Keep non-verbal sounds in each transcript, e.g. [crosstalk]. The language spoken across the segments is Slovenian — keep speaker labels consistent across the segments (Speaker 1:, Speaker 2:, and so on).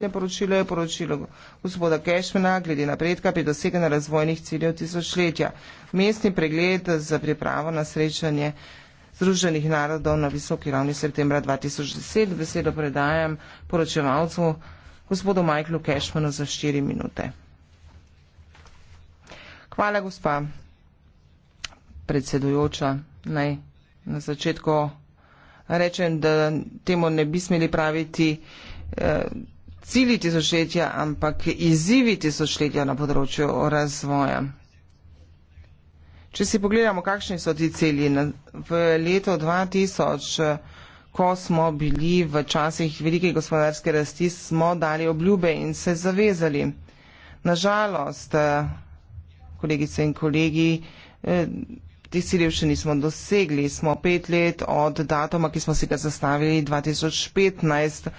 Speaker 1: Zadnje poročilo je poročilo gospoda Kešmana glede napredka pri doseganju razvojnih ciljev tisočletja. Mestni pregled za pripravo na srečanje Združenih narodov na visoki ravni septembra 2010. Besedo predajam poročevalcu gospodu Majklu Kešmanu za štiri minute. Hvala, gospa predsedujoča. Naj na začetku rečem, da temu ne bi smeli praviti. Eh, cilji tisočletja, ampak izzivi tisočletja na področju razvoja. Če si pogledamo, kakšni so ti cilji v letu 2000, ko smo bili v časih velike gospodarske rasti, smo dali obljube in se zavezali. Nažalost, kolegice in kolegi, eh, ti cilji še nismo dosegli. Smo pet let od datuma, ki smo si ga zastavili 2015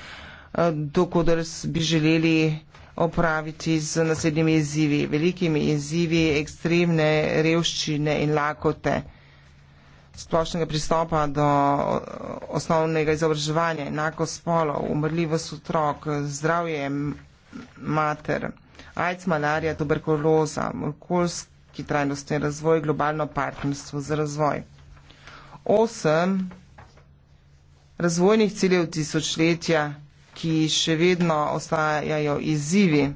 Speaker 1: dokodr bi želeli opraviti z naslednjimi izzivi, velikimi izzivi ekstremne revščine in lakote splošnega pristopa do eh, osnovnega izobraževanja, enako spolov, umrljivost otrok, zdravje mater, AIDS, malarija, tuberkuloza, okoljski trajnostni razvoj, globalno partnerstvo za razvoj. Osem razvojnih ciljev tisočletja ki še vedno ostajajo izzivi.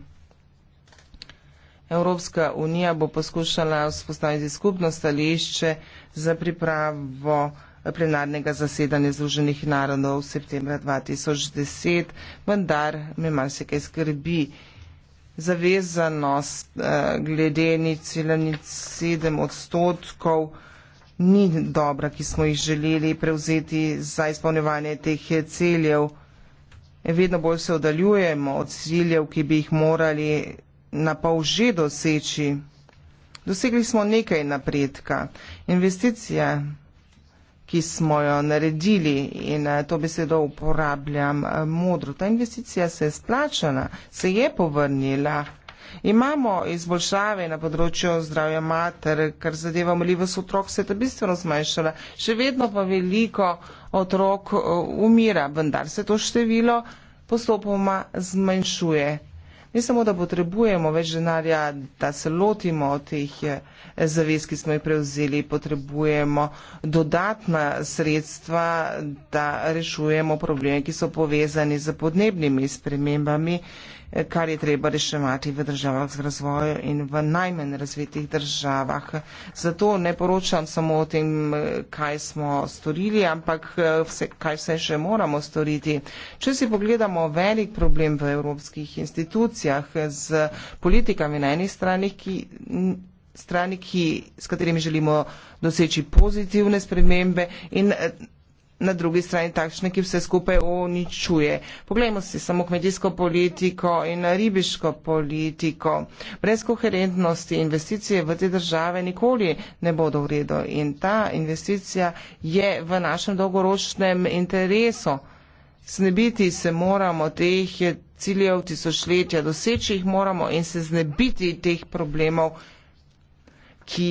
Speaker 1: Evropska unija bo poskušala vzpostaviti skupno stališče za pripravo plenarnega zasedanja Združenih narodov v septembra 2010, vendar me marsikaj skrbi. Zavezanost eh, glede ni cela ni sedem odstotkov ni dobra, ki smo jih želeli prevzeti za izpolnjevanje teh ciljev vedno bolj se oddaljujemo od ciljev, ki bi jih morali na pol že doseči. Dosegli smo nekaj napredka. Investicije, ki smo jo naredili in eh, to besedo uporabljam eh, modro, ta investicija se je splačala, se je povrnila. Imamo izboljšave na področju zdravja mater, kar zadeva omljivost otrok, se je to bistveno zmanjšala. Še vedno pa veliko otrok eh, umira, vendar se to število postopoma zmanjšuje. Ne samo, da potrebujemo več denarja, da se lotimo od teh eh, zavez, ki smo jih prevzeli, potrebujemo dodatna sredstva, da rešujemo probleme, ki so povezani z podnebnimi spremembami, kar je treba reševati v državah z razvojem in v najmanj razvitih državah. Zato ne poročam samo o tem, kaj smo storili, ampak vse, kaj vse še moramo storiti. Če si pogledamo velik problem v evropskih institucijah z politikami na eni strani, ki strani, ki, s katerimi želimo doseči pozitivne spremembe in na drugi strani takšne, ki vse skupaj uničuje. Poglejmo si samo kmetijsko politiko in ribiško politiko. Brez koherentnosti investicije v te države nikoli ne bodo v redu in ta investicija je v našem dolgoročnem interesu. Snebiti se moramo teh ciljev tisočletja, doseči jih moramo in se znebiti teh problemov, ki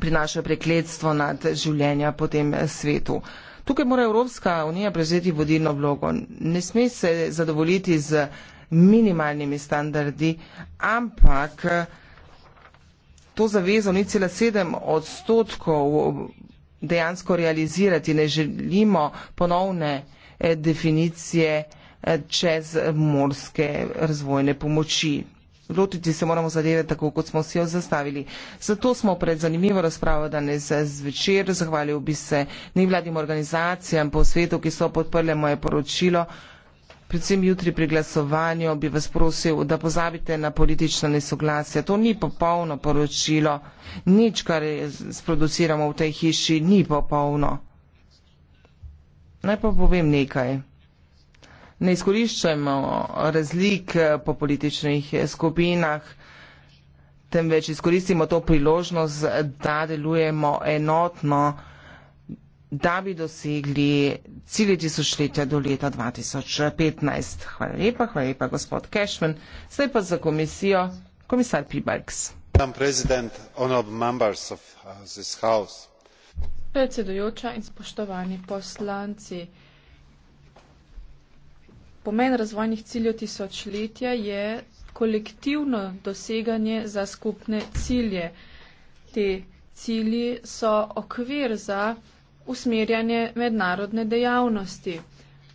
Speaker 1: prinašajo prekletstvo nad življenja po tem svetu. Tukaj mora Evropska unija prevzeti vodilno vlogo. Ne sme se zadovoljiti z minimalnimi standardi, ampak to zavezo ni cela sedem odstotkov dejansko realizirati. Ne želimo ponovne eh, definicije eh, čez morske razvojne pomoči. Lotiti se moramo zadeve tako, kot smo si jo zastavili. Zato smo pred zanimivo razpravo danes zvečer zahvalil bi se nevladnim organizacijam po svetu, ki so podprle moje poročilo. Predvsem jutri pri glasovanju bi vas prosil, da pozabite na politična nesoglasja. To ni popolno poročilo. Nič, kar sproduciramo v tej hiši, ni popolno. Naj pa povem nekaj ne izkoriščamo razlik eh, po političnih eh, skupinah, temveč izkoristimo to priložnost, da delujemo enotno, da bi dosegli cilje tisočletja do leta 2015. Hvala lepa, hvala lepa gospod Cashman. Zdaj pa za komisijo komisar Pibarks.
Speaker 2: Uh, Predsedujoča in spoštovani poslanci pomen razvojnih ciljev tisočletja je kolektivno doseganje za skupne cilje. Te cilji so okvir za usmerjanje mednarodne dejavnosti.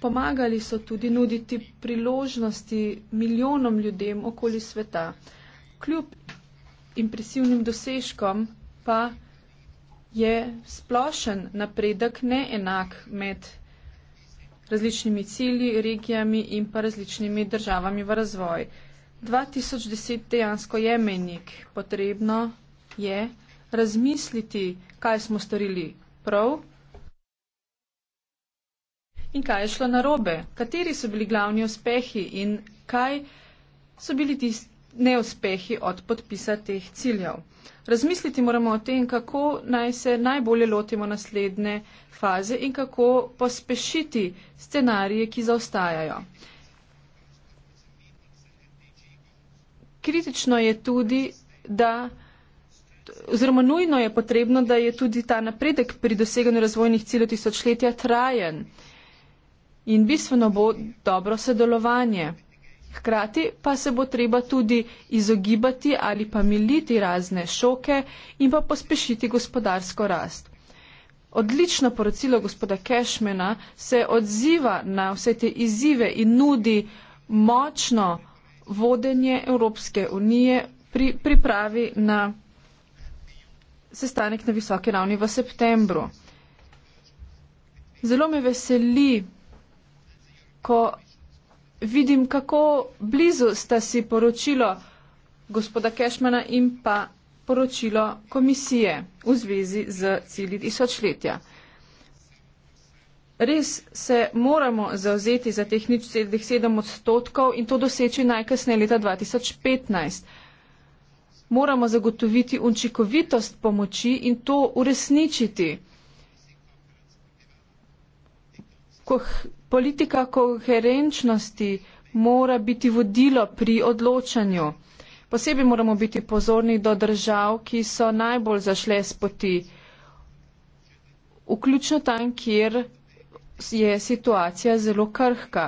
Speaker 2: Pomagali so tudi nuditi priložnosti milijonom ljudem okoli sveta. Kljub impresivnim dosežkom pa je splošen napredek neenak med različnimi cilji, regijami in pa različnimi državami v razvoj. 2010 dejansko je menik. Potrebno je razmisliti, kaj smo storili prav in kaj je šlo narobe, kateri so bili glavni uspehi in kaj so bili tisti neuspehi od podpisa teh ciljev. Razmisliti moramo o tem, kako naj se najbolje lotimo naslednje faze in kako pospešiti scenarije, ki zaostajajo. Kritično je tudi, da oziroma nujno je potrebno, da je tudi ta napredek pri doseganju razvojnih ciljev tisočletja trajen in bistveno bo dobro sodelovanje. Hkrati pa se bo treba tudi izogibati ali pa militi razne šoke in pa pospešiti gospodarsko rast. Odlično poročilo gospoda Kešmena se odziva na vse te izzive in nudi močno vodenje Evropske unije pri pripravi na sestanek na visoki ravni v septembru. Zelo me veseli, ko vidim, kako blizu sta si poročilo gospoda Kešmana in pa poročilo komisije v zvezi z cilji tisočletja. Res se moramo zauzeti za teh nič celih sedem odstotkov in to doseči najkasneje leta 2015. Moramo zagotoviti učinkovitost pomoči in to uresničiti. politika koherenčnosti mora biti vodilo pri odločanju. Posebej moramo biti pozorni do držav, ki so najbolj zašle s poti, vključno tam, kjer je situacija zelo krhka.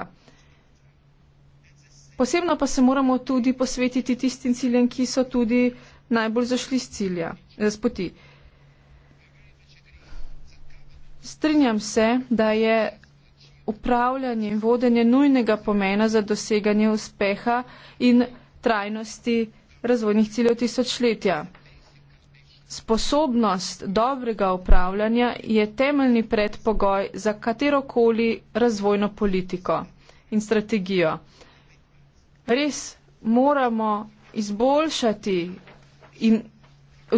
Speaker 2: Posebno pa se moramo tudi posvetiti tistim ciljem, ki so tudi najbolj zašli z cilja, z poti. Strinjam se, da je upravljanje in vodenje nujnega pomena za doseganje uspeha in trajnosti razvojnih ciljev tisočletja. Sposobnost dobrega upravljanja je temeljni predpogoj za katerokoli razvojno politiko in strategijo. Res moramo izboljšati in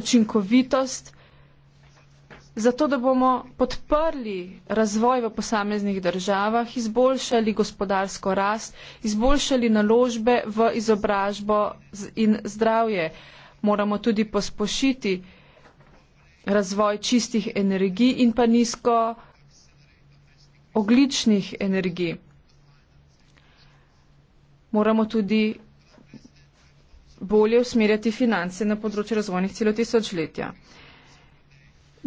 Speaker 2: učinkovitost zato da bomo podprli razvoj v posameznih državah, izboljšali gospodarsko rast, izboljšali naložbe v izobražbo in zdravje. Moramo tudi pospošiti razvoj čistih energij in pa nizko ogličnih energij. Moramo tudi bolje usmerjati finance na področju razvojnih celo tisočletja.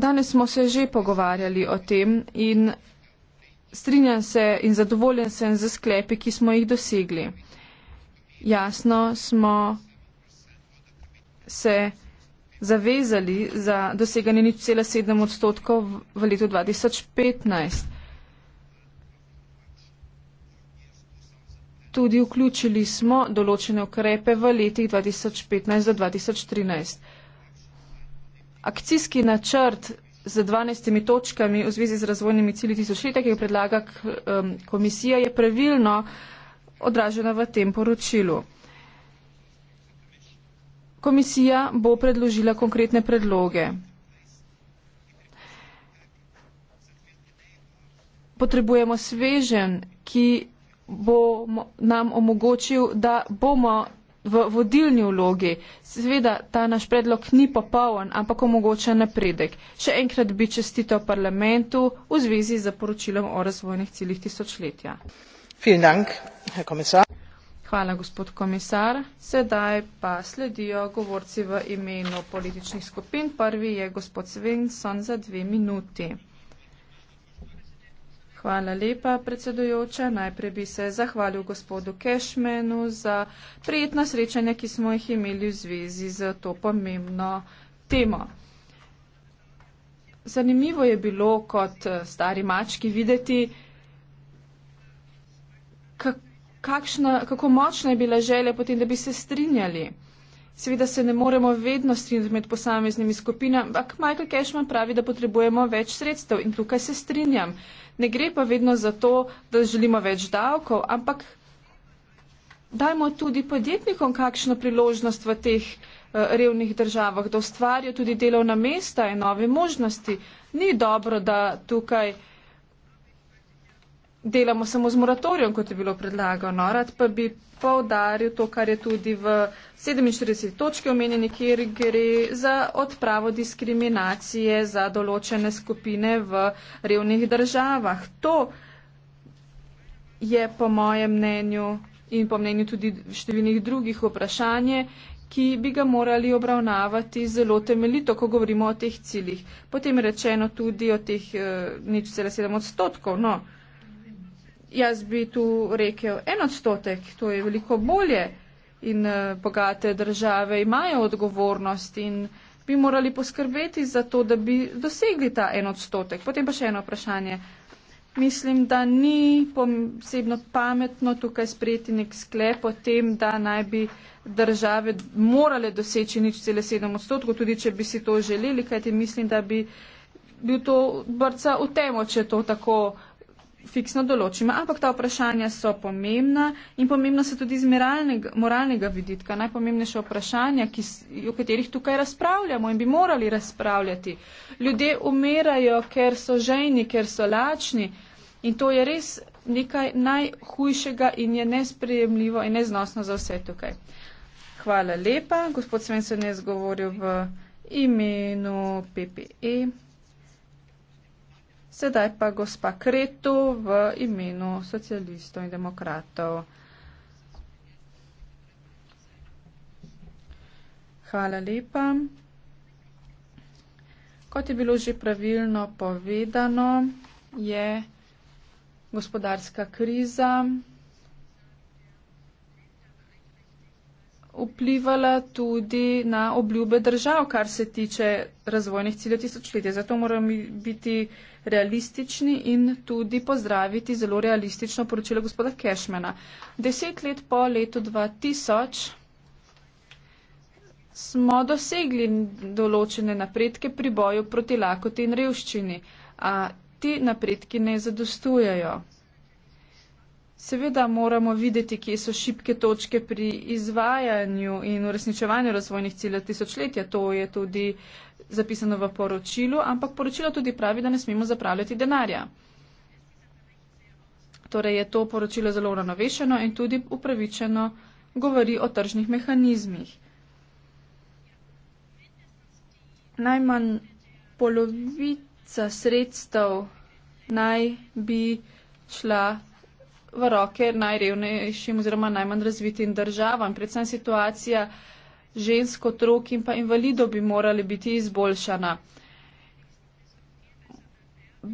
Speaker 2: Danes smo se že pogovarjali o tem in strinjam se in zadovoljen sem za sklepe, ki smo jih dosegli. Jasno smo se zavezali za doseganje nič cela sedem odstotkov v letu 2015. Tudi vključili smo določene ukrepe v letih 2015 do 2013 akcijski načrt z 12 točkami v zvezi z razvojnimi cilji tisočletja, ki jo predlaga um, komisija, je pravilno odražena v tem poročilu. Komisija bo predložila konkretne predloge. Potrebujemo svežen, ki bo nam omogočil, da bomo v vodilni vlogi. Seveda, ta naš predlog ni popoln, ampak omogoča napredek. Še enkrat bi čestito parlamentu v zvezi z poročilom o razvojnih ciljih tisočletja. Hvala, gospod komisar. Sedaj pa sledijo govorci v imenu političnih skupin. Prvi je gospod Svensson za dve minuti. Hvala lepa, predsedujoča. Najprej bi se zahvalil gospodu Kešmenu za prijetna srečanja, ki smo jih imeli v zvezi z to pomembno temo. Zanimivo je bilo kot eh, stari mački videti, kakšna, kako močna je bila želja potem, da bi se strinjali. Seveda se ne moremo vedno strinjati med posameznimi skupinami, ampak Michael Cashman pravi, da potrebujemo več sredstev in tukaj se strinjam. Ne gre pa vedno za to, da želimo več davkov, ampak dajmo tudi podjetnikom kakšno priložnost v teh eh, revnih državah, da ustvarijo tudi delovna mesta in nove možnosti. Ni dobro, da tukaj delamo samo z moratorijem, kot je bilo predlagano. Rad pa bi povdaril to, kar je tudi v 47 točki omenjeni, kjer gre za odpravo diskriminacije za določene skupine v revnih državah. To je po mojem mnenju in po mnenju tudi številnih drugih vprašanje, ki bi ga morali obravnavati zelo temeljito, ko govorimo o teh ciljih. Potem rečeno tudi o teh eh, nič cele sedem odstotkov. No, jaz bi tu rekel en odstotek, to je veliko bolje in eh, bogate države imajo odgovornost in bi morali poskrbeti za to, da bi dosegli ta en odstotek. Potem pa še eno vprašanje. Mislim, da ni posebno pametno tukaj sprejeti nek sklep o tem, da naj bi države morale doseči nič cele sedem odstotkov, tudi če bi si to želeli, kajti mislim, da bi bil to brca v temo, če to tako fiksno določimo. Ampak ta vprašanja so pomembna in pomembna so tudi iz moralnega viditka. Najpomembnejše vprašanja, ki, o katerih tukaj razpravljamo in bi morali razpravljati. Ljudje umirajo, ker so žejni, ker so lačni in to je res nekaj najhujšega in je nesprejemljivo in neznosno za vse tukaj. Hvala lepa. Gospod Svensen je zgovoril v imenu PPE. Sedaj pa gospa Kretu v imenu socialistov in demokratov. Hvala lepa. Kot je bilo že pravilno povedano, je gospodarska kriza vplivala tudi na obljube držav, kar se tiče razvojnih ciljev tisočletja. Zato moramo biti uh, realistični in tudi pozdraviti zelo realistično poročilo gospoda Kešmena. Deset let po letu 2000 smo dosegli določene napredke pri boju proti lakoti in revščini, a ti napredki ne zadostujejo. Seveda moramo videti, kje so šibke točke pri izvajanju in uresničevanju razvojnih ciljev tisočletja. To je tudi zapisano v poročilu, ampak poročilo tudi pravi, da ne smemo zapravljati denarja. Torej je to poročilo zelo uravnovešeno in tudi upravičeno govori o tržnih mehanizmih. Najmanj polovica sredstev naj bi šla v roke najrevnejšim oziroma najmanj razvitim državam. Predvsem situacija žensko, otrok in pa invalido bi morali biti izboljšana.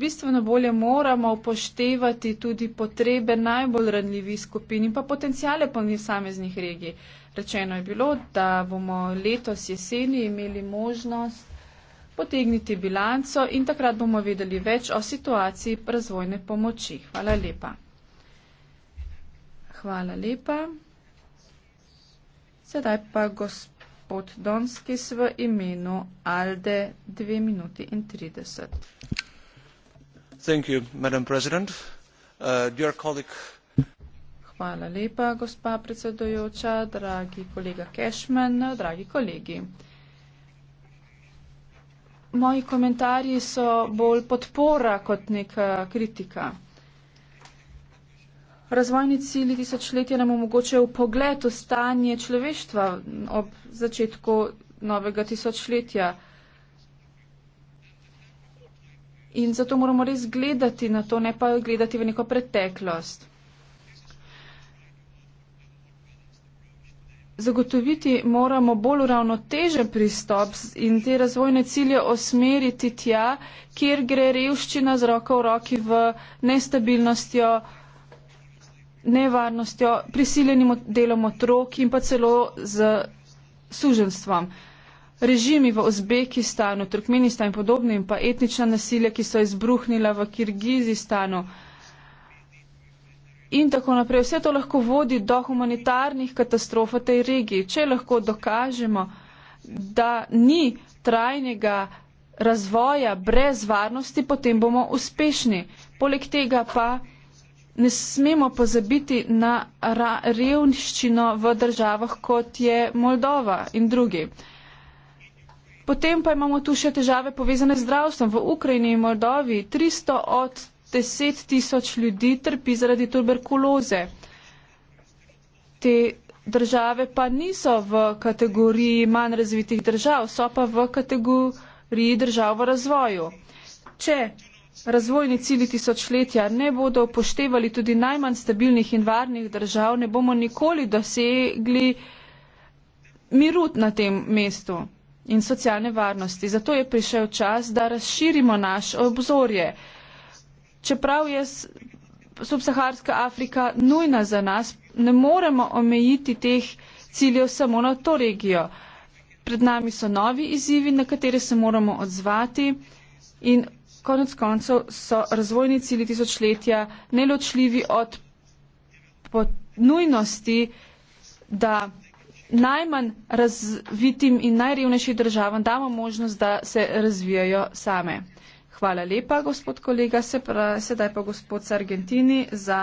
Speaker 2: Bistveno bolje moramo upoštevati tudi potrebe najbolj ranljivih skupin in pa potencijale po samiznih regij. Rečeno je bilo, da bomo letos jeseni imeli možnost potegniti bilanco in takrat bomo vedeli več o situaciji razvojne pomoči. Hvala lepa. Hvala lepa. Sedaj pa gospod Donski v imenu Alde 2 minuti in 30.
Speaker 1: Thank you, Madam President. Uh, dear colleague.
Speaker 2: Hvala lepa, gospa predsedujoča, dragi kolega Cashman, dragi kolegi. Moji komentarji so bolj podpora kot neka kritika. Razvojni cilji tisočletja nam omogočajo pogled v stanje človeštva ob začetku novega tisočletja. In zato moramo res gledati na to, ne pa gledati v neko preteklost. Zagotoviti moramo bolj uravnotežen pristop in te razvojne cilje osmeriti tja, kjer gre revščina z roko v roki v nestabilnostjo nevarnostjo, prisiljenim delom otrok in pa celo z suženstvom. Režimi v Uzbekistanu, Turkmenistanu in podobnim, pa etnična nasilja, ki so izbruhnila v Kirgizistanu in tako naprej. Vse to lahko vodi do humanitarnih katastrof v tej regiji. Če lahko dokažemo, da ni trajnega razvoja brez varnosti, potem bomo uspešni. Poleg tega pa ne smemo pozabiti na revniščino v državah, kot je Moldova in drugi. Potem pa imamo tu še težave povezane z zdravstvom. V Ukrajini in Moldovi 300 od 10 tisoč ljudi trpi zaradi tuberkuloze. Te države pa niso v kategoriji manj razvitih držav, so pa v kategoriji držav v razvoju. Če razvojni cilji tisočletja ne bodo upoštevali tudi najmanj stabilnih in varnih držav, ne bomo nikoli dosegli mirut na tem mestu in socialne varnosti. Zato je prišel čas, da razširimo naš obzorje. Čeprav je subsaharska Afrika nujna za nas, ne moremo omejiti teh ciljev samo na to regijo. Pred nami so novi izzivi, na katere se moramo odzvati in konec koncev so razvojni cilji tisočletja neločljivi od nujnosti, da najmanj razvitim in najrevnejšim državam damo možnost, da se razvijajo same. Hvala lepa, gospod kolega. Se pra, sedaj pa gospod Sargentini za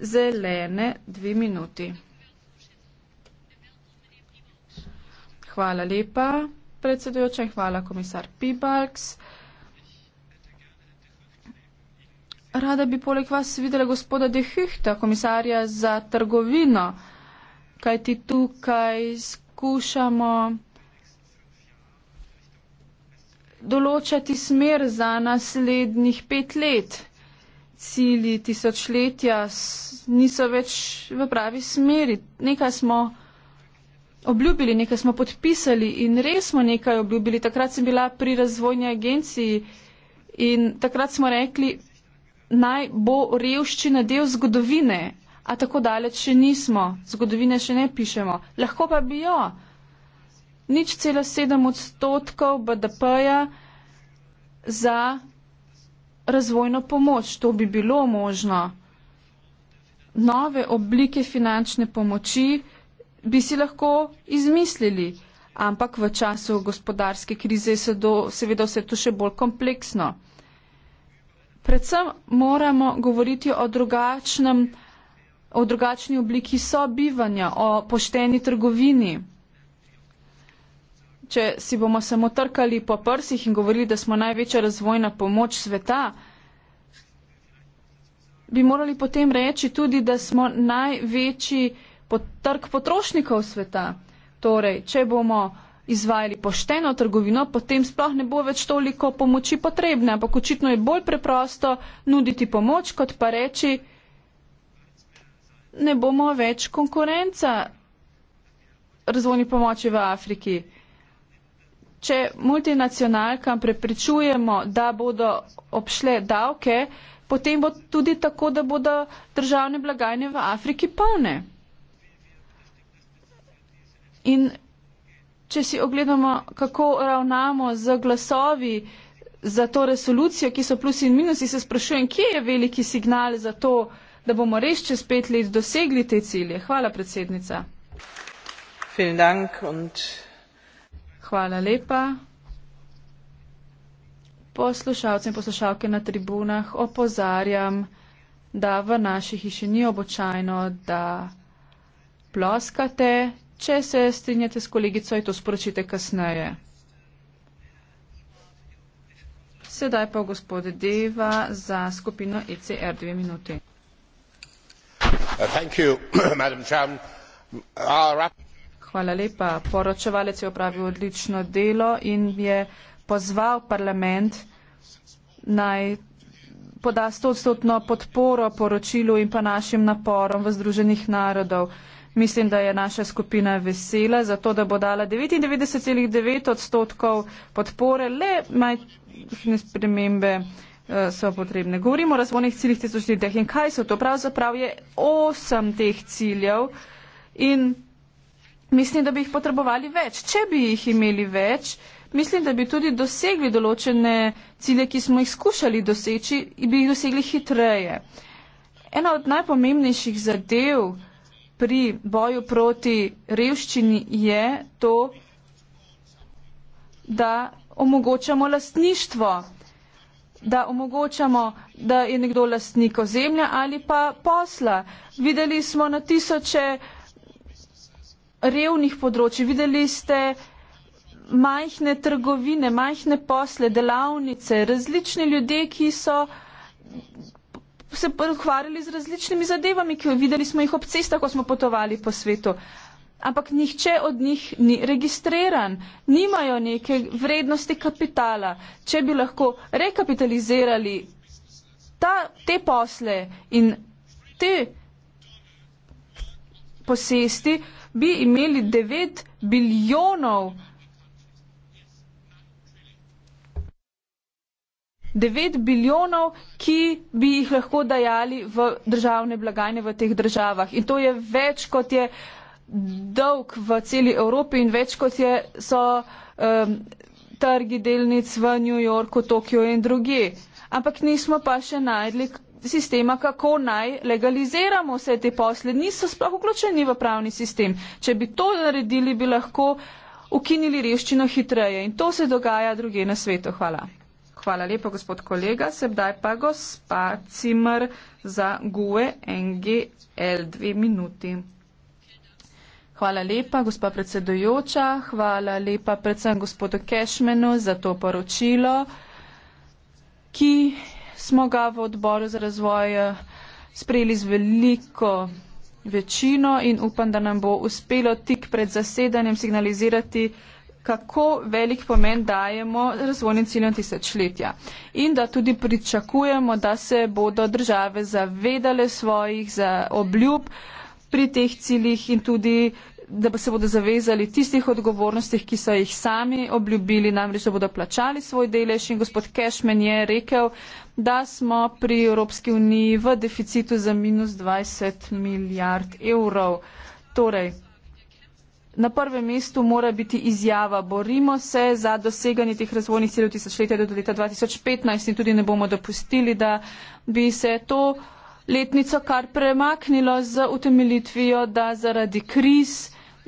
Speaker 2: zelene dve minuti. Hvala lepa, predsedujoča, in hvala, komisar Pibalks. Rada bi poleg vas videla gospoda De Hüchta, komisarja za trgovino, kaj ti tukaj skušamo določati smer za naslednjih pet let. Cili tisočletja niso več v pravi smeri. Nekaj smo obljubili, nekaj smo podpisali in res smo nekaj obljubili. Takrat sem bila pri razvojni agenciji in takrat smo rekli, naj bo revščina del zgodovine, a tako daleč še nismo, zgodovine še ne pišemo. Lahko pa bi jo. Nič cela sedem odstotkov BDP-ja za razvojno pomoč. To bi bilo možno. Nove oblike finančne pomoči bi si lahko izmislili, ampak v času gospodarske krize je seveda vse to še bolj kompleksno predvsem moramo govoriti o drugačnem, o drugačni obliki sobivanja, o pošteni trgovini. Če si bomo samo trkali po prsih in govorili, da smo največja razvojna pomoč sveta, bi morali potem reči tudi, da smo največji trg potrošnikov sveta. Torej, če bomo izvajali pošteno trgovino, potem sploh ne bo več toliko pomoči potrebne. Ampak očitno je bolj preprosto nuditi pomoč, kot pa reči, ne bomo več konkurenca razvojni pomoči v Afriki. Če multinacionalkam prepričujemo, da bodo obšle davke, potem bo tudi tako, da bodo državne blagajne v Afriki polne. In če si ogledamo, kako ravnamo z glasovi za to resolucijo, ki so plusi in minusi, se sprašujem, kje je veliki signal za to, da bomo res čez pet let dosegli te cilje. Hvala, predsednica. Hvala lepa. Poslušalce in poslušalke na tribunah opozarjam, da v naši hiši ni običajno, da ploskate, Če se strinjate s kolegico, je to sporočite kasneje. Sedaj pa gospod Deva za skupino ECR dve minuti.
Speaker 1: Uh, [clears throat]
Speaker 2: Hvala lepa. Poročevalec je opravil odlično delo in je pozval parlament naj poda stotstotno podporo poročilu in pa našim naporom v Združenih narodov. Mislim, da je naša skupina vesela za to, da bo dala 99,9 odstotkov podpore, le majhne spremembe eh, so potrebne. Govorimo o razvojnih ciljih tistoč ljudeh in kaj so to? Pravzaprav je osem teh ciljev in mislim, da bi jih potrebovali več. Če bi jih imeli več, mislim, da bi tudi dosegli določene cilje, ki smo jih skušali doseči, bi jih dosegli hitreje. Ena od najpomembnejših zadev, pri boju proti revščini je to, da omogočamo lastništvo, da omogočamo, da je nekdo lastnik ozemlja ali pa posla. Videli smo na tisoče revnih področji, videli ste majhne trgovine, majhne posle, delavnice, različni ljudje, ki so se ukvarjali z različnimi zadevami, ki videli smo jih ob cestah, ko smo potovali po svetu. Ampak nihče od njih ni registriran, nimajo neke vrednosti kapitala. Če bi lahko rekapitalizirali ta, te posle in te posesti, bi imeli 9 bilijonov 9 biljonov, ki bi jih lahko dajali v državne blagajne v teh državah. In to je več, kot je dolg v celi Evropi in več, kot je, so um, trgi delnic v New Yorku, Tokiu in druge. Ampak nismo pa še najdli sistema, kako naj legaliziramo vse te posle. Niso sploh vključeni v pravni sistem. Če bi to naredili, bi lahko ukinili reščino hitreje. In to se dogaja druge na svetu. Hvala. Hvala lepa, gospod kolega. Sedaj pa gospa Cimer za GUE NGL dve minuti. Hvala lepa, gospa predsedujoča. Hvala lepa predvsem gospodu Kešmenu za to poročilo, ki smo ga v odboru za razvoj eh, sprejeli z veliko večino in upam, da nam bo uspelo tik pred zasedanjem signalizirati, kako velik pomen dajemo razvojnim ciljem tisočletja in da tudi pričakujemo, da se bodo države zavedale svojih za obljub pri teh ciljih in tudi da se bodo zavezali tistih odgovornostih, ki so jih sami obljubili, namreč da bodo plačali svoj delež. In gospod Kešmen je rekel, da smo pri Evropski uniji v deficitu za minus 20 milijard evrov. Torej, na prvem mestu mora biti izjava, borimo se za doseganje teh razvojnih ciljev tisočletja do leta 2015 in tudi ne bomo dopustili, da bi se to letnico kar premaknilo z utemelitvijo, da zaradi kriz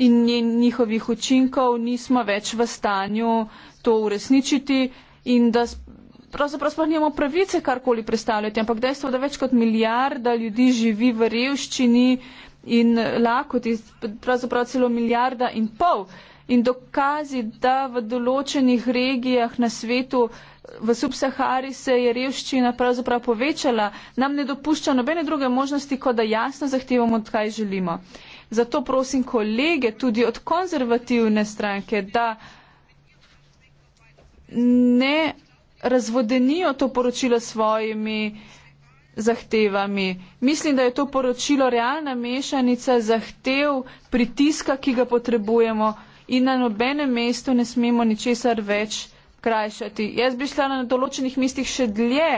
Speaker 2: in njihovih učinkov nismo več v stanju to uresničiti in da pravzaprav sploh nimamo pravice karkoli predstavljati, ampak dejstvo, da več kot milijarda ljudi živi v revščini, in lakoti, pravzaprav celo milijarda in pol. In dokazi, da v določenih regijah na svetu, v subsahari se je revščina pravzaprav povečala, nam ne dopušča nobene druge možnosti, kot da jasno zahtevamo, kaj želimo. Zato prosim kolege tudi od konzervativne stranke, da ne razvodenijo to poročilo svojimi uh, zahtevami. Mislim, da je to poročilo realna mešanica zahtev, pritiska, ki ga potrebujemo in na nobenem mestu ne smemo ničesar več krajšati. Jaz bi šla na določenih mestih še dlje.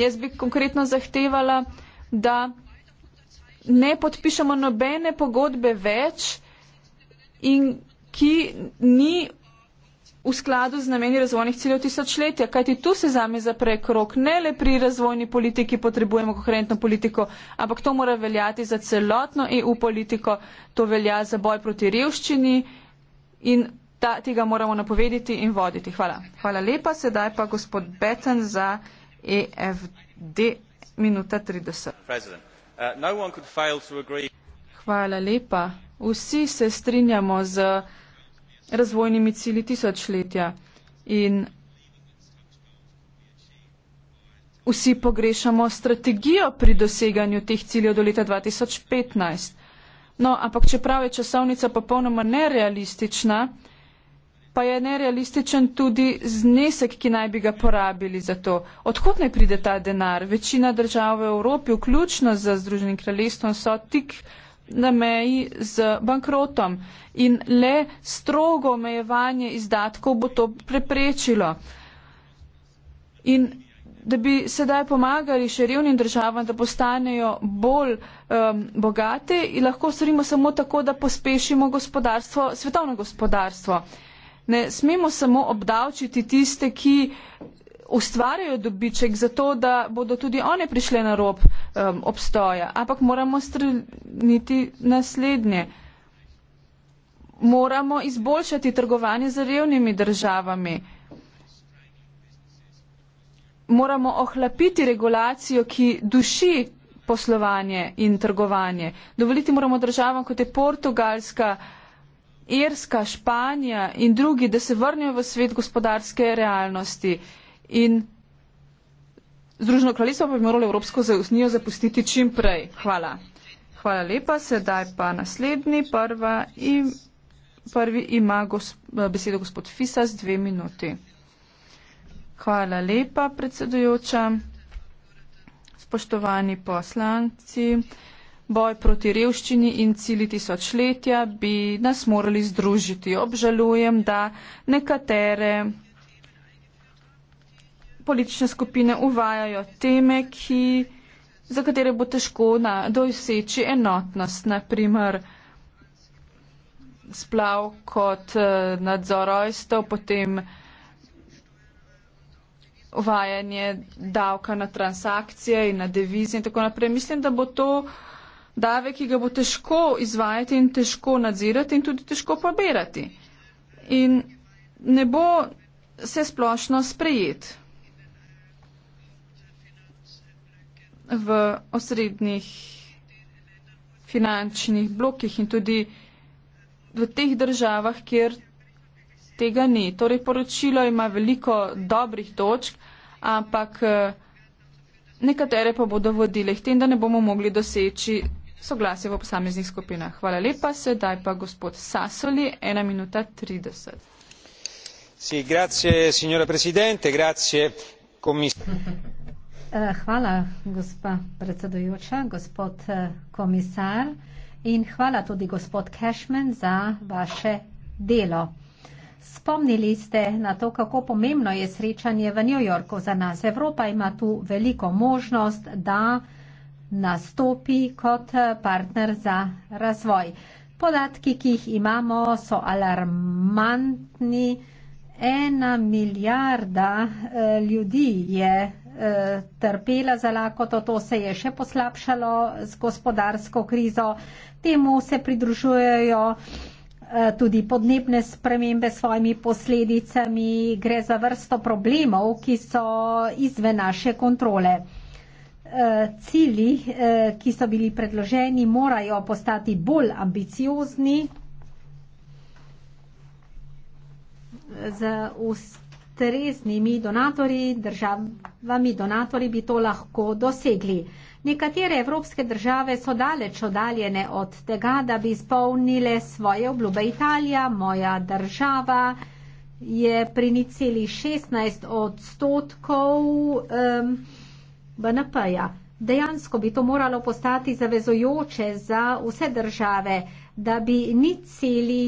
Speaker 2: Jaz bi konkretno zahtevala, da ne podpišemo nobene pogodbe več in ki ni v skladu z nameni razvojnih ciljev tisočletja, kajti tu se zame zapre krok. Ne le pri razvojni politiki potrebujemo koherentno politiko, ampak to mora veljati za celotno EU politiko, to velja za boj proti revščini in ta, tega moramo napovediti in voditi. Hvala. Hvala lepa. Sedaj pa gospod Beten za EFD. Minuta 30.
Speaker 1: Uh, no
Speaker 2: Hvala lepa. Vsi se strinjamo z razvojnimi cili tisočletja. In vsi pogrešamo strategijo pri doseganju teh ciljev do leta 2015. No, ampak čeprav je časovnica popolnoma nerealistična, pa je nerealističen tudi znesek, ki naj bi ga porabili za to. Odkot naj pride ta denar? Večina držav v Evropi, vključno z Združenim kraljestvom, so tik na meji z bankrotom in le strogo omejevanje izdatkov bo to preprečilo. In da bi sedaj pomagali še revnim državam, da postanejo bolj um, bogate in lahko storimo samo tako, da pospešimo gospodarstvo, svetovno gospodarstvo. Ne smemo samo obdavčiti tiste, ki ustvarjajo dobiček zato, da bodo tudi one prišle na rob um, obstoja. Ampak moramo streniti naslednje. Moramo izboljšati trgovanje z revnimi državami. Moramo ohlapiti regulacijo, ki duši poslovanje in trgovanje. Dovoliti moramo državam, kot je Portugalska, Irska, Španija in drugi, da se vrnejo v svet gospodarske realnosti in Združeno kraljestvo bi moralo Evropsko unijo zapustiti čim prej. Hvala. Hvala lepa. Sedaj pa naslednji. Prva im, prvi ima gosp, besedo gospod Fisa z dve minuti. Hvala lepa, predsedujoča. Spoštovani poslanci, boj proti revščini in cili tisočletja bi nas morali združiti. Obžalujem, da nekatere politične skupine uvajajo teme, ki, za katere bo težko na, doseči enotnost, naprimer splav kot eh, nadzorojstev, potem uvajanje davka na transakcije in na devizije in tako naprej. Mislim, da bo to davek, ki ga bo težko izvajati in težko nadzirati in tudi težko pobirati. In ne bo se splošno sprejeti. v osrednjih finančnih blokih in tudi v teh državah, kjer tega ni. Torej, poročilo ima veliko dobrih točk, ampak eh, nekatere pa bodo vodile k tem, da ne bomo mogli doseči soglasje v posameznih skupinah. Hvala lepa, sedaj pa gospod Sasoli, ena minuta trideset.
Speaker 3: Si, grazie, signora presidente,
Speaker 2: grazie, komisar. [laughs] Eh, hvala, gospa predsedujoča,
Speaker 3: gospod eh, komisar in hvala tudi gospod Cashman za vaše delo. Spomnili ste na to, kako pomembno je srečanje v New Yorku za nas. Evropa ima tu veliko možnost, da nastopi kot eh, partner za razvoj. Podatki, ki jih imamo, so alarmantni. Ena milijarda ljudi je Eh, trpela za lakoto, to se je še poslabšalo z gospodarsko krizo. Temu se pridružujejo eh, tudi podnebne spremembe s svojimi posledicami. Gre za vrsto problemov, ki so izven naše kontrole. Eh, Cili, ki so bili predloženi, morajo postati bolj ambiciozni. Za treznimi donatorji, državami donatorji bi to lahko dosegli. Nekatere evropske države so daleč oddaljene od tega, da bi izpolnile svoje obljube. Italija, moja država, je pri niceli 16 odstotkov um, BNP-ja. Dejansko bi to moralo postati zavezojoče za vse države, da bi niceli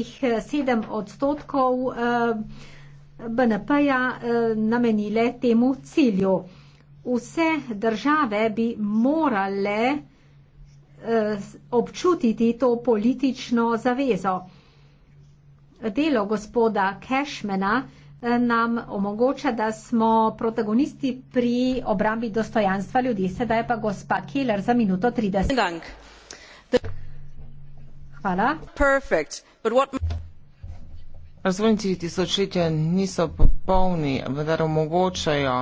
Speaker 3: 7 odstotkov um, BNP-ja eh, namenile temu cilju. Vse države bi morale eh, občutiti to politično zavezo. Delo gospoda Cashmana eh, nam omogoča, da smo protagonisti pri obrambi dostojanstva ljudi. Sedaj pa gospa Keller za minuto 30. Hvala.
Speaker 1: Razvojnici tisočletja niso popolni, vendar omogočajo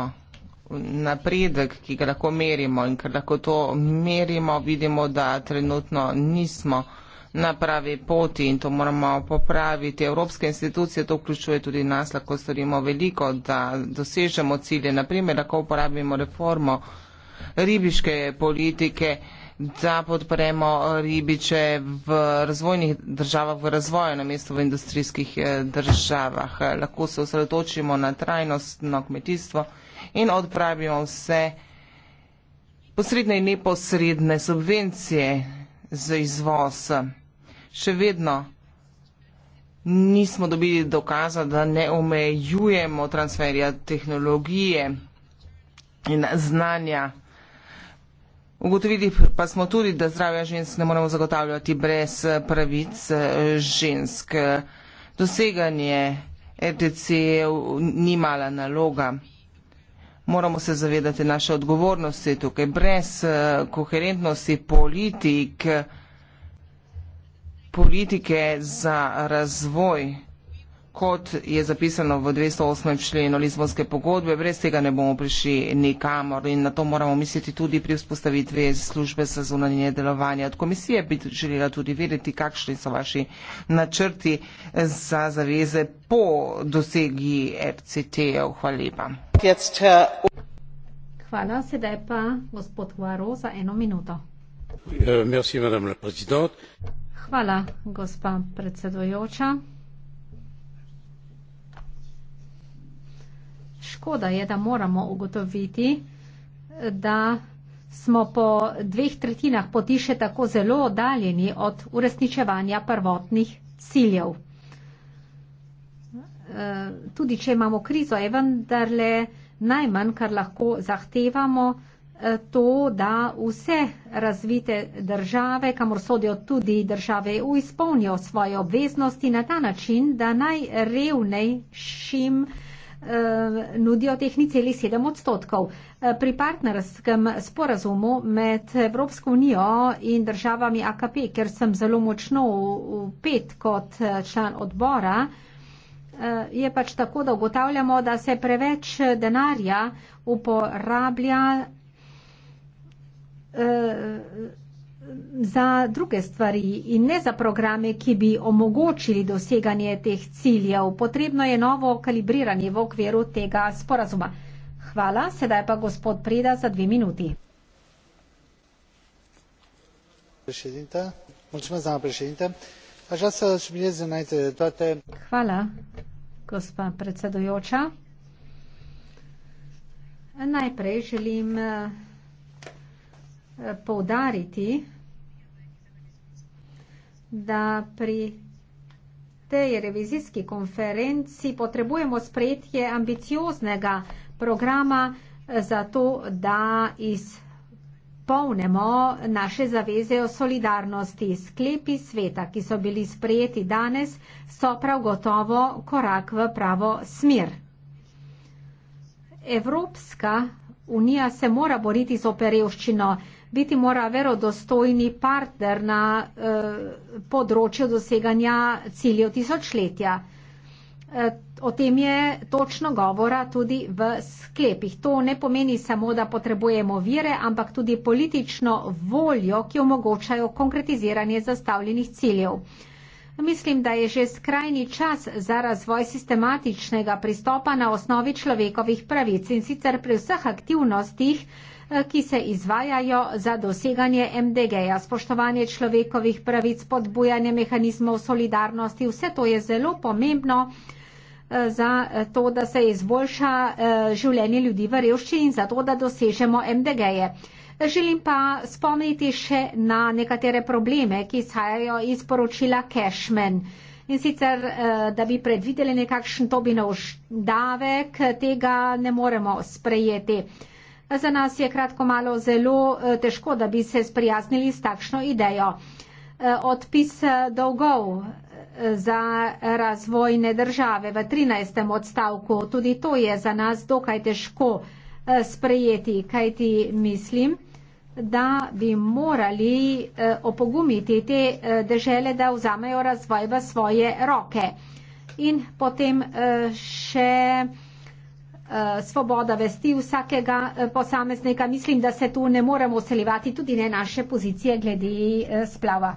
Speaker 1: napredek, ki ga lahko merimo in ker lahko to merimo, vidimo, da trenutno nismo na pravi poti in to moramo popraviti. Evropske institucije to vključuje tudi nas, lahko storimo veliko, da dosežemo cilje. Naprimer, lahko uporabimo reformo ribiške politike da podpremo ribiče v razvojnih državah, v razvoju na mesto v industrijskih eh, državah. Lahko se osredotočimo na trajnostno kmetijstvo in odpravimo vse posredne in neposredne subvencije za izvoz. Še vedno nismo dobili dokaza, da ne omejujemo transferja tehnologije in znanja. Ugotovili pa smo tudi, da zdravja žensk ne moremo zagotavljati brez eh, pravic eh, žensk. Doseganje RTC je ni mala naloga. Moramo se zavedati naše odgovornosti tukaj. Brez eh, koherentnosti politik, politike za razvoj kot je zapisano v 208. členu Lizbonske pogodbe, brez tega ne bomo prišli nikamor in na to moramo misliti tudi pri vzpostavitvi službe za zunanje delovanje. Od komisije bi želela tudi vedeti, kakšni so vaši načrti za zaveze po dosegi RCT-ev. Hvala lepa.
Speaker 3: Hvala, sedaj pa gospod Varo za eno minuto.
Speaker 2: Euh,
Speaker 3: Hvala, gospa predsedujoča. Škoda je, da moramo ugotoviti, da smo po dveh tretjinah poti še tako zelo oddaljeni od uresničevanja prvotnih ciljev. Tudi, če imamo krizo, je vendarle najmanj, kar lahko zahtevamo, to, da vse razvite države, kamor sodijo tudi države EU, izpolnijo svoje obveznosti na ta način, da najrevnejšim Eh, nudijo tehni celi 7 odstotkov. Eh, pri partnerskem sporazumu med Evropsko unijo in državami AKP, ker sem zelo močno upet kot eh, član odbora, je pač tako, da ugotavljamo, da se preveč denarja uporablja za druge stvari in ne za programe, ki bi omogočili doseganje teh ciljev. Potrebno je novo kalibriranje v okviru tega sporazuma. Hvala, sedaj pa gospod Preda za dve minuti. Hvala, gospa predsedujoča. Najprej želim eh, poudariti, da pri tej revizijski konferenci potrebujemo sprejetje ambicioznega programa za to, da izpolnemo naše zaveze o solidarnosti. Sklepi sveta, ki so bili sprejeti danes, so prav gotovo korak v pravo smer. Evropska unija se mora boriti z operevščino biti mora verodostojni partner na eh, področju doseganja ciljev tisočletja. Eh, o tem je točno govora tudi v sklepih. To ne pomeni samo, da potrebujemo vire, ampak tudi politično voljo, ki omogočajo konkretiziranje zastavljenih ciljev. Mislim, da je že skrajni čas za razvoj sistematičnega pristopa na osnovi človekovih pravic in sicer pri vseh aktivnostih, Eh, ki se izvajajo za doseganje MDG-ja, spoštovanje človekovih pravic, podbujanje mehanizmov solidarnosti. Vse to je zelo pomembno eh, za to, da se izboljša eh, življenje ljudi v revščini in za to, da dosežemo MDG-je. Želim pa spomniti še na nekatere probleme, ki izhajajo iz poročila Cashman. In sicer, da bi predvideli nekakšen tobinov davek, tega ne moremo sprejeti. Za nas je kratko malo zelo eh, težko, da bi se sprijaznili s takšno idejo. Eh, odpis eh, dolgov za razvojne države v 13. odstavku, tudi to je za nas dokaj težko sprejeti, kaj ti mislim, da bi morali opogumiti te države, da vzamejo razvoj v svoje roke. In potem še. Eh, svoboda vesti vsakega eh, posameznika. Mislim, da se tu ne moremo osiljevati tudi ne naše pozicije glede eh, splava.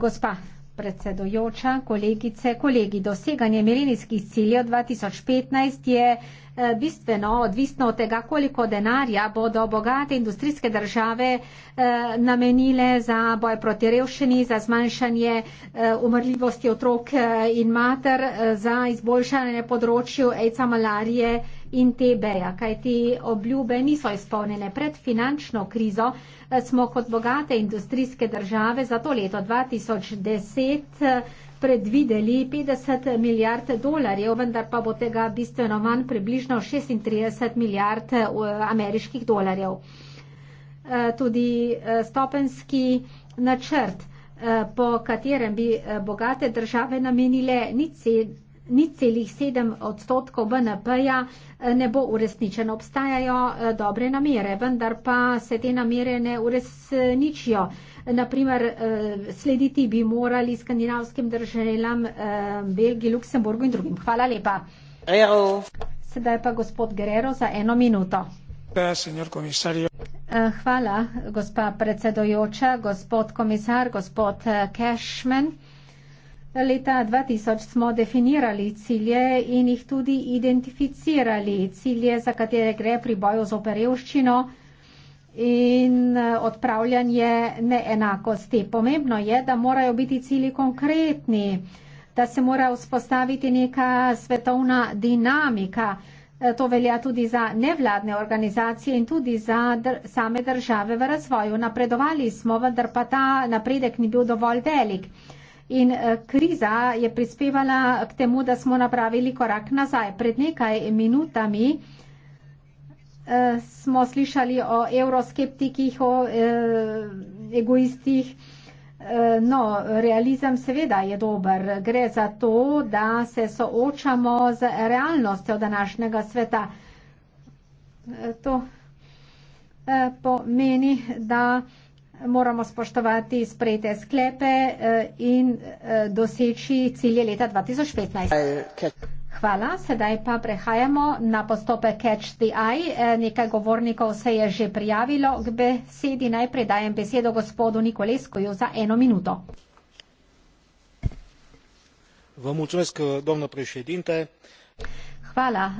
Speaker 3: Gospa predsedojoča, kolegice, kolegi. Doseganje milenijskih ciljev 2015 je eh, bistveno odvisno od tega, koliko denarja bodo bogate industrijske države eh, namenile za boj proti revščini, za zmanjšanje eh, umrljivosti otrok in mater, za izboljšanje področju AIDS-a, malarije in Tebeja, kajti obljube niso izpolnjene. Pred finančno krizo eh, smo kot bogate industrijske države za to leto 2010 eh, predvideli 50 milijard dolarjev, vendar pa bo tega bistveno manj približno 36 milijard eh, ameriških dolarjev. Tudi stopenski načrt, po katerem bi bogate države namenile ni cen nič celih sedem odstotkov BNP-ja eh, ne bo uresničeno. Obstajajo eh, dobre namere, vendar pa se te namere ne uresničijo. Naprimer, eh, slediti bi morali skandinavskim državam, Belgiji, Luksemburgu in drugim. Hvala lepa. Ero. Sedaj pa gospod Guerrero za eno minuto. Hvala, gospa predsedojoča, gospod komisar, gospod Cashman. Leta 2000 smo definirali cilje in jih tudi identificirali, cilje, za katere gre pri boju z operevščino in eh, odpravljanje neenakosti. Pomembno je, da morajo biti cilji konkretni, da se mora vzpostaviti neka svetovna dinamika. Eh, to velja tudi za nevladne organizacije in tudi za dr same države v razvoju. Napredovali smo, vendar pa ta napredek ni bil dovolj velik. In eh, kriza je prispevala k temu, da smo napravili korak nazaj. Pred nekaj minutami eh, smo slišali o euroskeptikih, o eh, egoistih. No, realizem seveda je dober. Gre za to, da se soočamo z realnostjo današnjega sveta. To pomeni, da moramo spoštovati sprejete sklepe eh, in eh, doseči cilje leta 2015. Hvala, sedaj pa prehajamo na postope Catch the Eye. Eh, nekaj govornikov se je že prijavilo k besedi. Najprej dajem besedo gospodu Nikoleskoju za eno minuto. Vam mulčujem,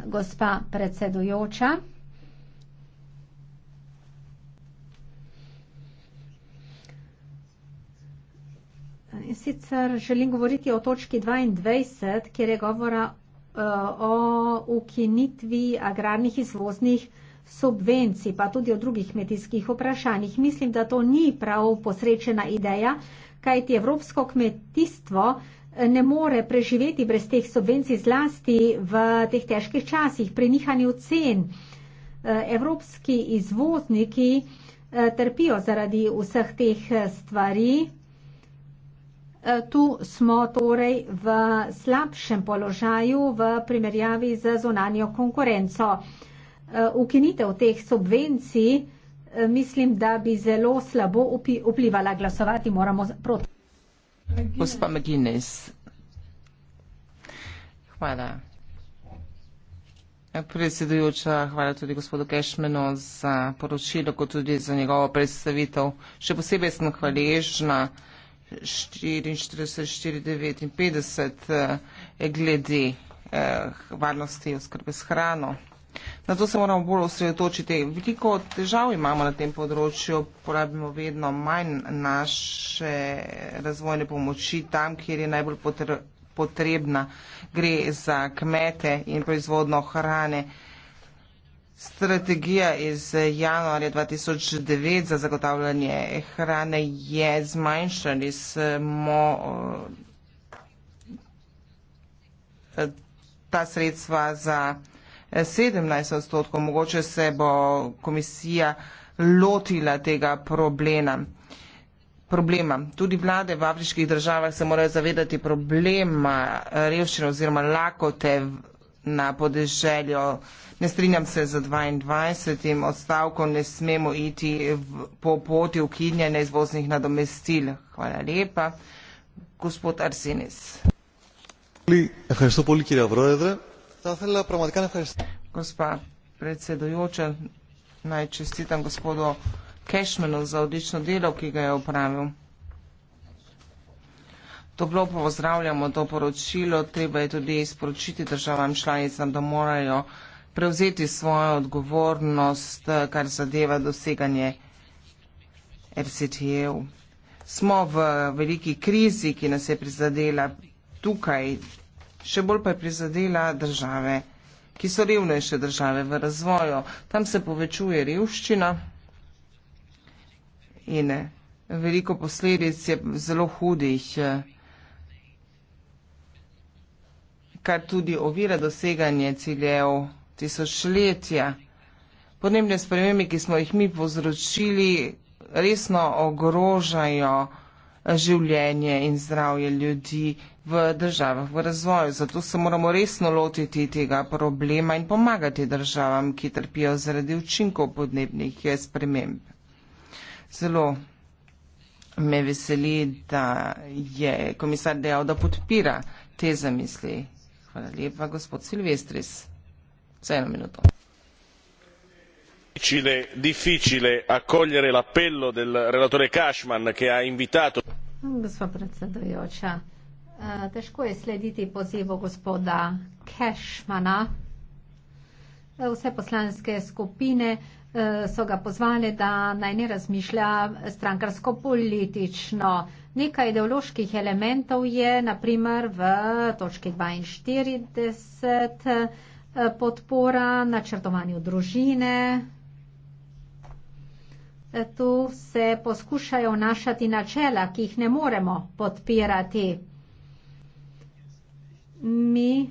Speaker 3: gospod predsedujoča. In sicer želim govoriti o točki 22, kjer je govora eh, o ukinitvi agrarnih izvoznih subvencij, pa tudi o drugih kmetijskih vprašanjih. Mislim, da to ni prav posrečena ideja, kajti evropsko kmetijstvo eh, ne more preživeti brez teh subvencij zlasti v teh težkih časih, pri nihanju cen. Eh, evropski izvozniki trpijo zaradi vseh teh stvari, Eh, tu smo torej v slabšem položaju v primerjavi z zonanjo konkurenco. Eh, ukinitev teh subvencij eh, mislim, da bi zelo slabo vplivala. Glasovati moramo proti.
Speaker 1: Gospa McGuinness. Hvala. Predsedujoča, hvala tudi gospodu Kešmenu za poročilo, kot tudi za njegovo predstavitev. Še posebej sem hvaležna. 44-59 eh, glede eh, varnosti oskrbe s hrano. Na to se moramo bolj osredotočiti. Veliko težav imamo na tem področju, porabimo vedno manj naše razvojne pomoči tam, kjer je najbolj potrebna. Gre za kmete in proizvodno hrane. Strategija iz januarja 2009 za zagotavljanje hrane je zmanjšali smo eh, ta sredstva za 17 odstotkov. Mogoče se bo komisija lotila tega problema. problema. Tudi vlade v afriških državah se morajo zavedati problema revščine oziroma lakote. V na podeželjo. Ne strinjam se z 22. odstavkom, ne smemo iti v, po poti ukinjanja izvoznih nadomestil. Hvala lepa. Gospod Arsenis. Gospa predsedujoča, naj čestitam gospodu Kešmenu za odlično delo, ki ga je upravil. Toplo pozdravljamo to poročilo, treba je tudi izporočiti državam članicam, da morajo prevzeti svojo odgovornost, kar zadeva doseganje RCT-ev. Smo v veliki krizi, ki nas je prizadela tukaj, še bolj pa je prizadela države, ki so revnejše države v razvoju. Tam se povečuje revščina in veliko posledic je zelo hudih. Eh, kar tudi ovira doseganje ciljev tisočletja. Podnebne spremembe, ki smo jih mi povzročili, resno ogrožajo življenje in zdravje ljudi v državah v razvoju. Zato se moramo resno lotiti tega problema in pomagati državam, ki trpijo zaradi učinkov podnebnih sprememb. Zelo me veseli, da je komisar dejal, da podpira te zamisli Hvala lepa, gospod Silvestris. Za eno minuto. Difficile, difficile accogliere l'appello del relatore Cashman che ha invitato.
Speaker 3: Gospod predsedujoča, eh, težko je slediti pozivu gospoda Cashmana. Vse poslanske skupine eh, so ga pozvali, da naj ne razmišlja strankarsko politično. Nekaj ideoloških elementov je naprimer v točki 42 eh, podpora načrtovanju družine. Eh, tu se poskušajo vnašati načela, ki jih ne moremo podpirati. Mi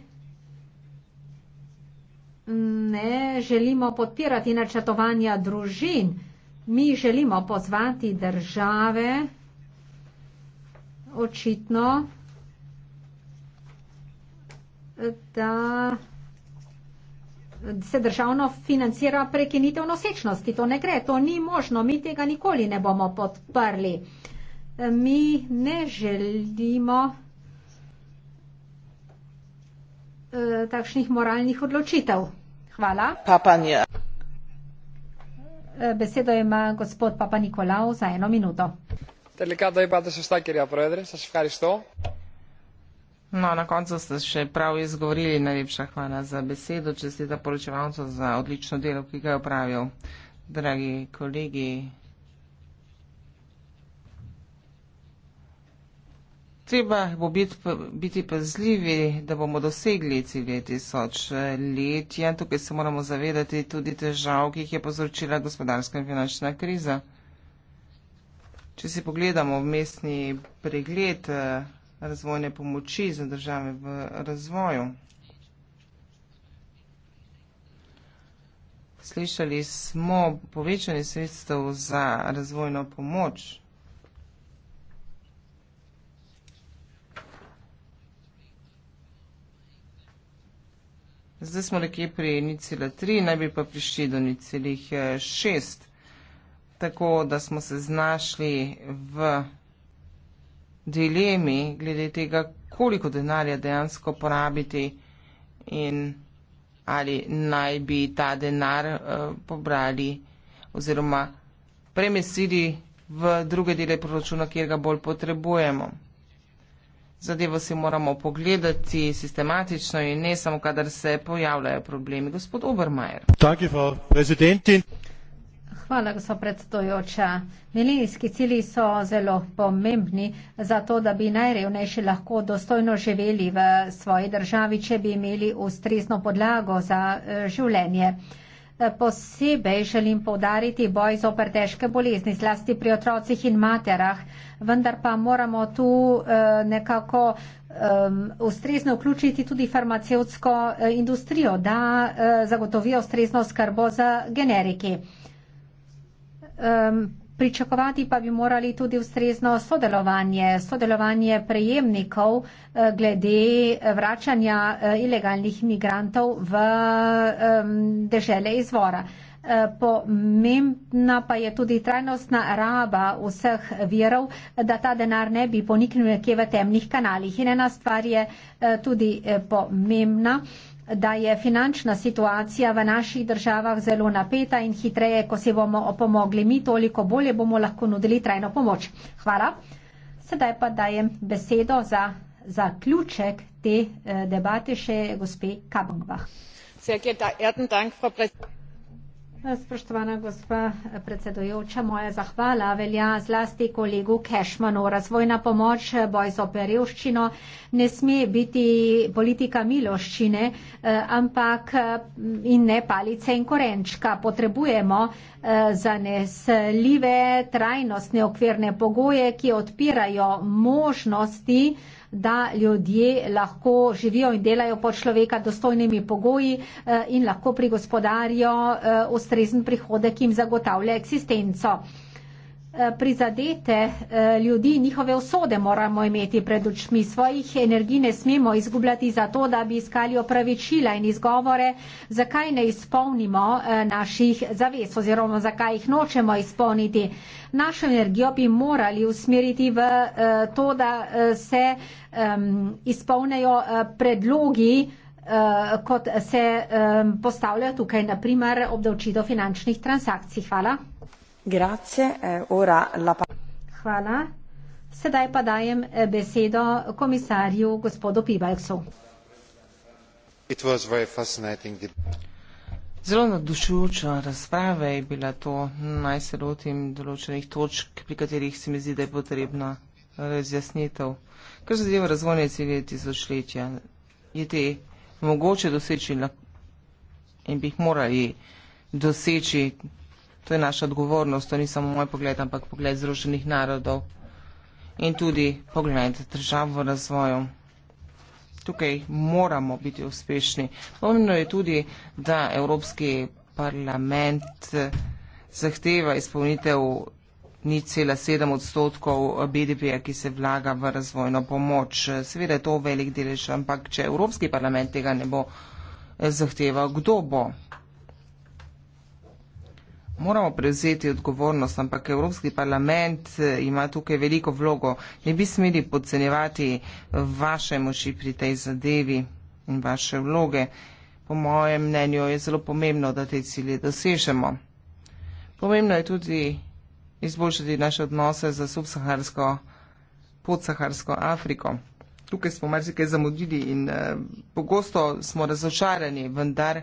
Speaker 3: ne želimo podpirati načrtovanja družin. Mi želimo pozvati države očitno, da se državno financira prekinitev nosečnosti. To ne gre, to ni možno, mi tega nikoli ne bomo podprli. Mi ne želimo eh, takšnih moralnih odločitev. Hvala. Papanje. Eh, besedo ima gospod Papa Nikolao za eno minuto.
Speaker 1: Τελικά το είπατε σωστά, κυρία Πρόεδρε. Σα ευχαριστώ. No, na koncu ste še prav izgovorili. Najlepša hvala za besedo. Čestita poročevalca za odlično delo, ki ga je opravil. Dragi kolegi, treba bo biti, biti pazljivi, da bomo dosegli cilje tisočletja. Tukaj se moramo zavedati tudi težav, ki jih je povzročila gospodarska in finančna kriza. Če si pogledamo mestni pregled eh, razvojne pomoči za države v razvoju, slišali smo povečanje sredstev za razvojno pomoč. Zdaj smo nekje pri Nicila 3, naj bi pa prišli do Nicilih 6. Eh, tako, da smo se znašli v dilemi glede tega, koliko denarja dejansko porabiti in ali naj bi ta denar uh, pobrali oziroma premestili v druge dele proračuna, kjer ga bolj potrebujemo. Zadevo si moramo pogledati sistematično in ne samo, kadar se pojavljajo problemi. Gospod Obermajer. Hvala, predsednik.
Speaker 3: Hvala, gospod predstojoča. Milijski cilji so zelo pomembni za to, da bi najrevnejši lahko dostojno živeli v svoji državi, če bi imeli ustrezno podlago za eh, življenje. Eh, posebej želim povdariti boj z oper težke bolezni, zlasti pri otrocih in materah, vendar pa moramo tu eh, nekako ustrezno vključiti tudi farmacevtsko industrijo, da zagotovijo ustrezno skrbo za generiki. Um, pričakovati pa bi morali tudi ustrezno sodelovanje, sodelovanje prejemnikov eh, glede eh, vračanja eh, ilegalnih imigrantov v um, dežele izvora. Pomembna pa je tudi trajnostna raba vseh virov, da ta denar ne bi poniknil nekje v temnih kanalih. In ena stvar je tudi pomembna, da je finančna situacija v naših državah zelo napeta in hitreje, ko si bomo opomogli mi, toliko bolje bomo lahko nudili trajno pomoč. Hvala. Sedaj pa dajem besedo za zaključek te eh, debate še gospe Kabangbah. Sehr geehrter Erdendank, Frau Präsidentin. Spoštovana gospa predsedujoča, moja zahvala velja zlasti kolegu Kešmanu. Razvojna pomoč, boj z operevščino ne sme biti politika miloščine, eh, ampak mm, in ne palice in korenčka. Potrebujemo eh, zanesljive, trajnostne okvirne pogoje, ki odpirajo možnosti da ljudje lahko živijo in delajo pod človeka dostojnimi pogoji eh, in lahko pri gospodarju eh, ustrezen prihodek jim zagotavlja eksistenco. Eh, prizadete eh, ljudi, njihove usode moramo imeti pred očmi. Svojih energij ne smemo izgubljati za to, da bi iskali opravičila in izgovore, zakaj ne izpolnimo eh, naših zavez oziroma zakaj jih nočemo izpolniti. Našo energijo bi morali usmeriti v to, da se izpolnijo predlogi, kot se postavljajo tukaj, naprimer obdavčitev finančnih transakcij. Hvala.
Speaker 2: Grazie, eh,
Speaker 1: ora la
Speaker 3: Hvala. Sedaj pa dajem eh, besedo komisarju
Speaker 1: gospodu Pibalcu. Zelo nadušujoča razprava je bila to. Naj se lotim določenih točk, pri katerih se mi zdi, da je potrebna razjasnitev. Kar zadeva razvojne cilje tisočletja, je te mogoče doseči in bi jih morali doseči To je naša odgovornost, to ni samo moj pogled, ampak pogled Združenih narodov in tudi pogled držav v razvoju. Tukaj moramo biti uspešni. Pomembno je tudi, da Evropski parlament zahteva izpolnitev ni cela sedem odstotkov BDP-ja, ki se vlaga v razvojno pomoč. Seveda je to velik delež, ampak če Evropski parlament tega ne bo zahteval, kdo bo? moramo prevzeti odgovornost, ampak Evropski parlament eh, ima tukaj veliko vlogo. Ne bi smeli podcenjevati vaše moči pri tej zadevi in vaše vloge. Po mojem mnenju je zelo pomembno, da te cilje dosežemo. Pomembno je tudi izboljšati naše odnose za subsaharsko, podsaharsko Afriko. Tukaj smo marsikaj zamudili in eh, pogosto smo razočarani, vendar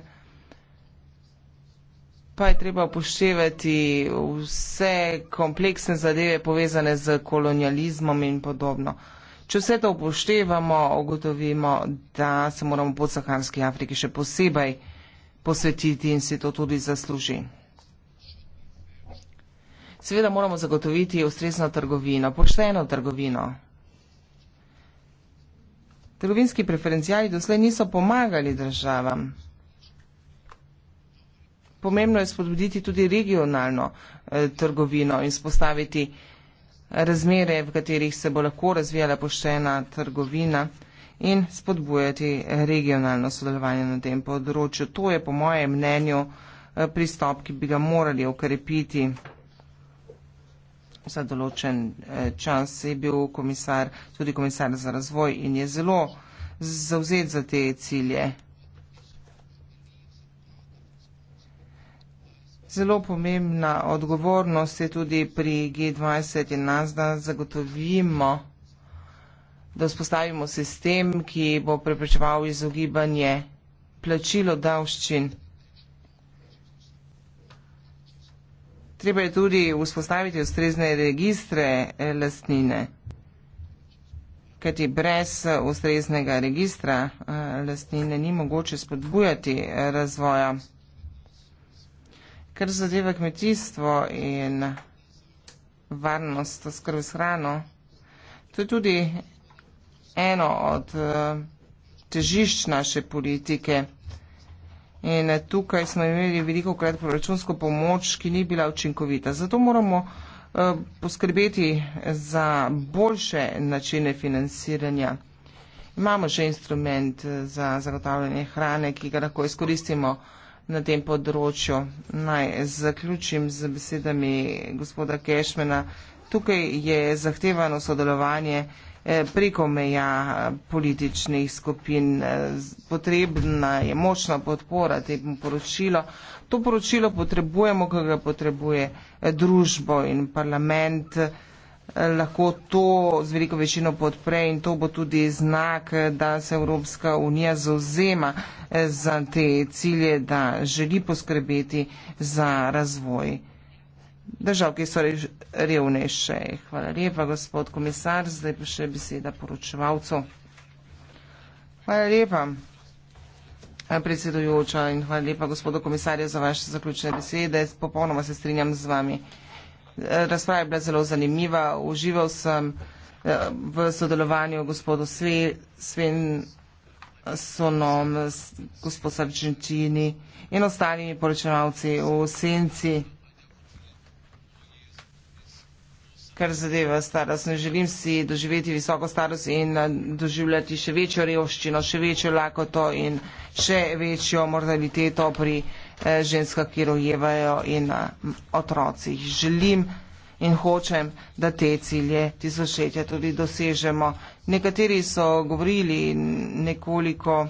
Speaker 1: pa je treba upoštevati vse kompleksne zadeve povezane z kolonializmom in podobno. Če vse to upoštevamo, ugotovimo, da se moramo v podsaharski Afriki še posebej posvetiti in si to tudi zasluži. Seveda moramo zagotoviti ustrezno trgovino, pošteno trgovino. Trgovinski preferencijali doslej niso pomagali državam pomembno je spodbuditi tudi regionalno eh, trgovino in spostaviti razmere, v katerih se bo lahko razvijala poštena trgovina in spodbujati regionalno sodelovanje na tem področju. To je po mojem mnenju eh, pristop, ki bi ga morali okrepiti. Za določen eh, čas je bil komisar, tudi komisar za razvoj in je zelo zauzet za te cilje. Zelo pomembna odgovornost je tudi pri G20 in nas, da zagotovimo, da vzpostavimo sistem, ki bo preprečeval izogibanje plačilo davščin. Treba je tudi vzpostaviti ustrezne registre eh, lastnine, kajti brez eh, ustreznega registra eh, lastnine ni mogoče spodbujati razvoja. Kar zadeva kmetijstvo in varnost skrbi s hrano, to je tudi eno od eh, težišč naše politike. In eh, tukaj smo imeli veliko krat proračunsko pomoč, ki ni bila učinkovita. Zato moramo eh, poskrbeti za boljše načine financiranja. Imamo že instrument za zagotavljanje hrane, ki ga lahko izkoristimo vsega na tem področju. Naj zaključim z besedami gospoda Kešmena. Tukaj je zahtevano sodelovanje eh, preko meja eh, političnih skupin. Eh, potrebna je močna podpora temu poročilu. To poročilo potrebujemo, kar ga potrebuje družbo in parlament lahko to z veliko večino podpre in to bo tudi znak, da se Evropska unija zauzema eh, za te cilje, da želi poskrbeti za razvoj držav, ki so revnejše. Hvala lepa, gospod komisar. Zdaj pa še beseda poročevalcu. Hvala lepa, eh, predsedujoča in hvala lepa, gospodo komisarja, za vaše zaključne besede. Popolnoma se strinjam z vami. Razprava je bila zelo zanimiva. Užival sem eh, v sodelovanju gospodu Sve, Sven Sonom, gospod Srčenčini in ostalimi poročevalci v senci. Kar zadeva starost, ne želim si doživeti visoko starost in eh, doživljati še večjo revščino, še večjo lakoto in še večjo mortaliteto pri. Eh, ženska, ki rojevajo in eh, otrocih. Želim in hočem, da te cilje tisočletja tudi dosežemo. Nekateri so govorili nekoliko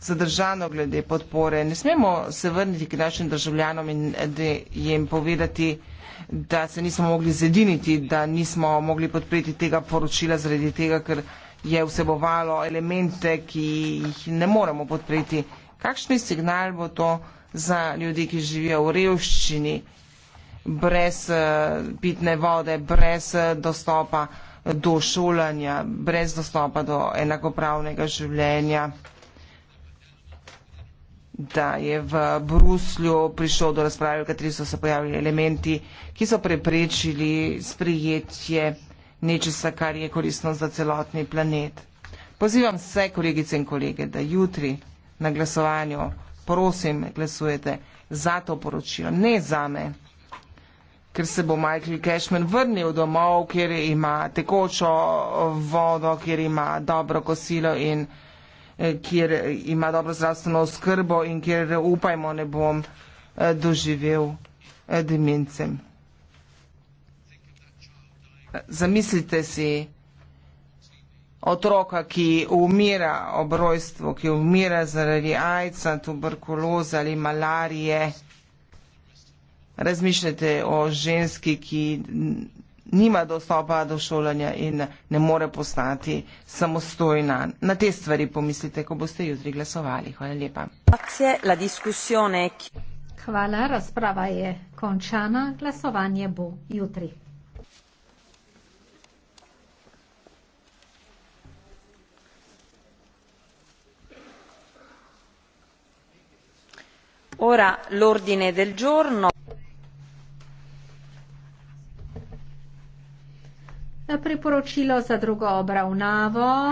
Speaker 1: zadržano glede podpore. Ne smemo se vrniti k našim državljanom in eh, jim povedati, da se nismo mogli zediniti, da nismo mogli podpreti tega poročila zaradi tega, ker je vsebovalo elemente, ki jih ne moremo podpreti. Kakšni signal bo to? za ljudi, ki živijo v revščini, brez eh, pitne vode, brez eh, dostopa do šolanja, brez dostopa do enakopravnega življenja, da je v Bruslju prišlo do razprave, v kateri so se pojavili elementi, ki so preprečili sprijetje nečesa, kar je koristno za celotni planet. Pozivam vse kolegice in kolege, da jutri na glasovanju prosim, glasujete za to poročilo, ne za me. Ker se bo Michael Cashman vrnil domov, kjer ima tekočo vodo, kjer ima dobro kosilo in eh, kjer ima dobro zdravstveno oskrbo in kjer upajmo ne bom eh, doživel eh, demencem. Zamislite si, otroka, ki umira ob rojstvu, ki umira zaradi ajca, tuberkuloze ali malarije. Razmišljate o ženski, ki nima dostopa do šolanja in ne more postati samostojna. Na te stvari pomislite, ko boste jutri glasovali. Hvala lepa.
Speaker 3: Hvala, razprava je končana. Glasovanje bo jutri. ora l'ordine del giorno. Priporočilo za drugo obravnavo.